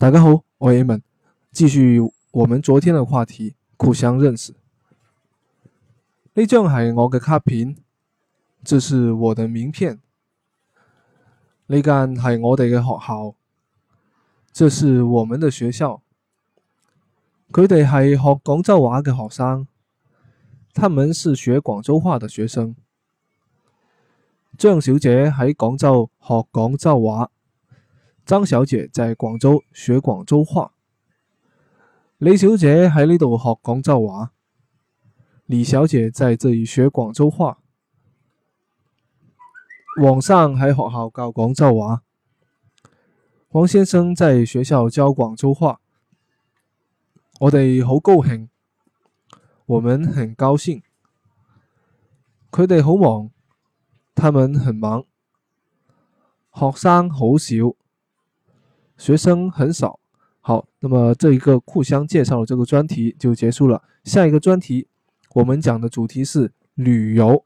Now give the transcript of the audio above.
大家好，我係 Aman，繼續我們昨天的話題，互相認識。呢張係我嘅卡片，這是我的名片。呢間係我哋嘅學校，這是我們的學校。佢哋係學廣州話嘅學生，他們是學廣州話的學生。張小姐喺廣州學廣州話。張小姐在廣州學廣州話，李小姐喺呢度學廣州話，李小姐在這裏學廣州話，黃生喺學校教廣州話，黃先生在學校教廣州話，我哋好高興，我們很高興，佢哋好忙，他們很忙，學生好少。學生很少，好，那麼這一個互相介紹的這個專題就結束了。下一個專題，我們講的主題是旅遊。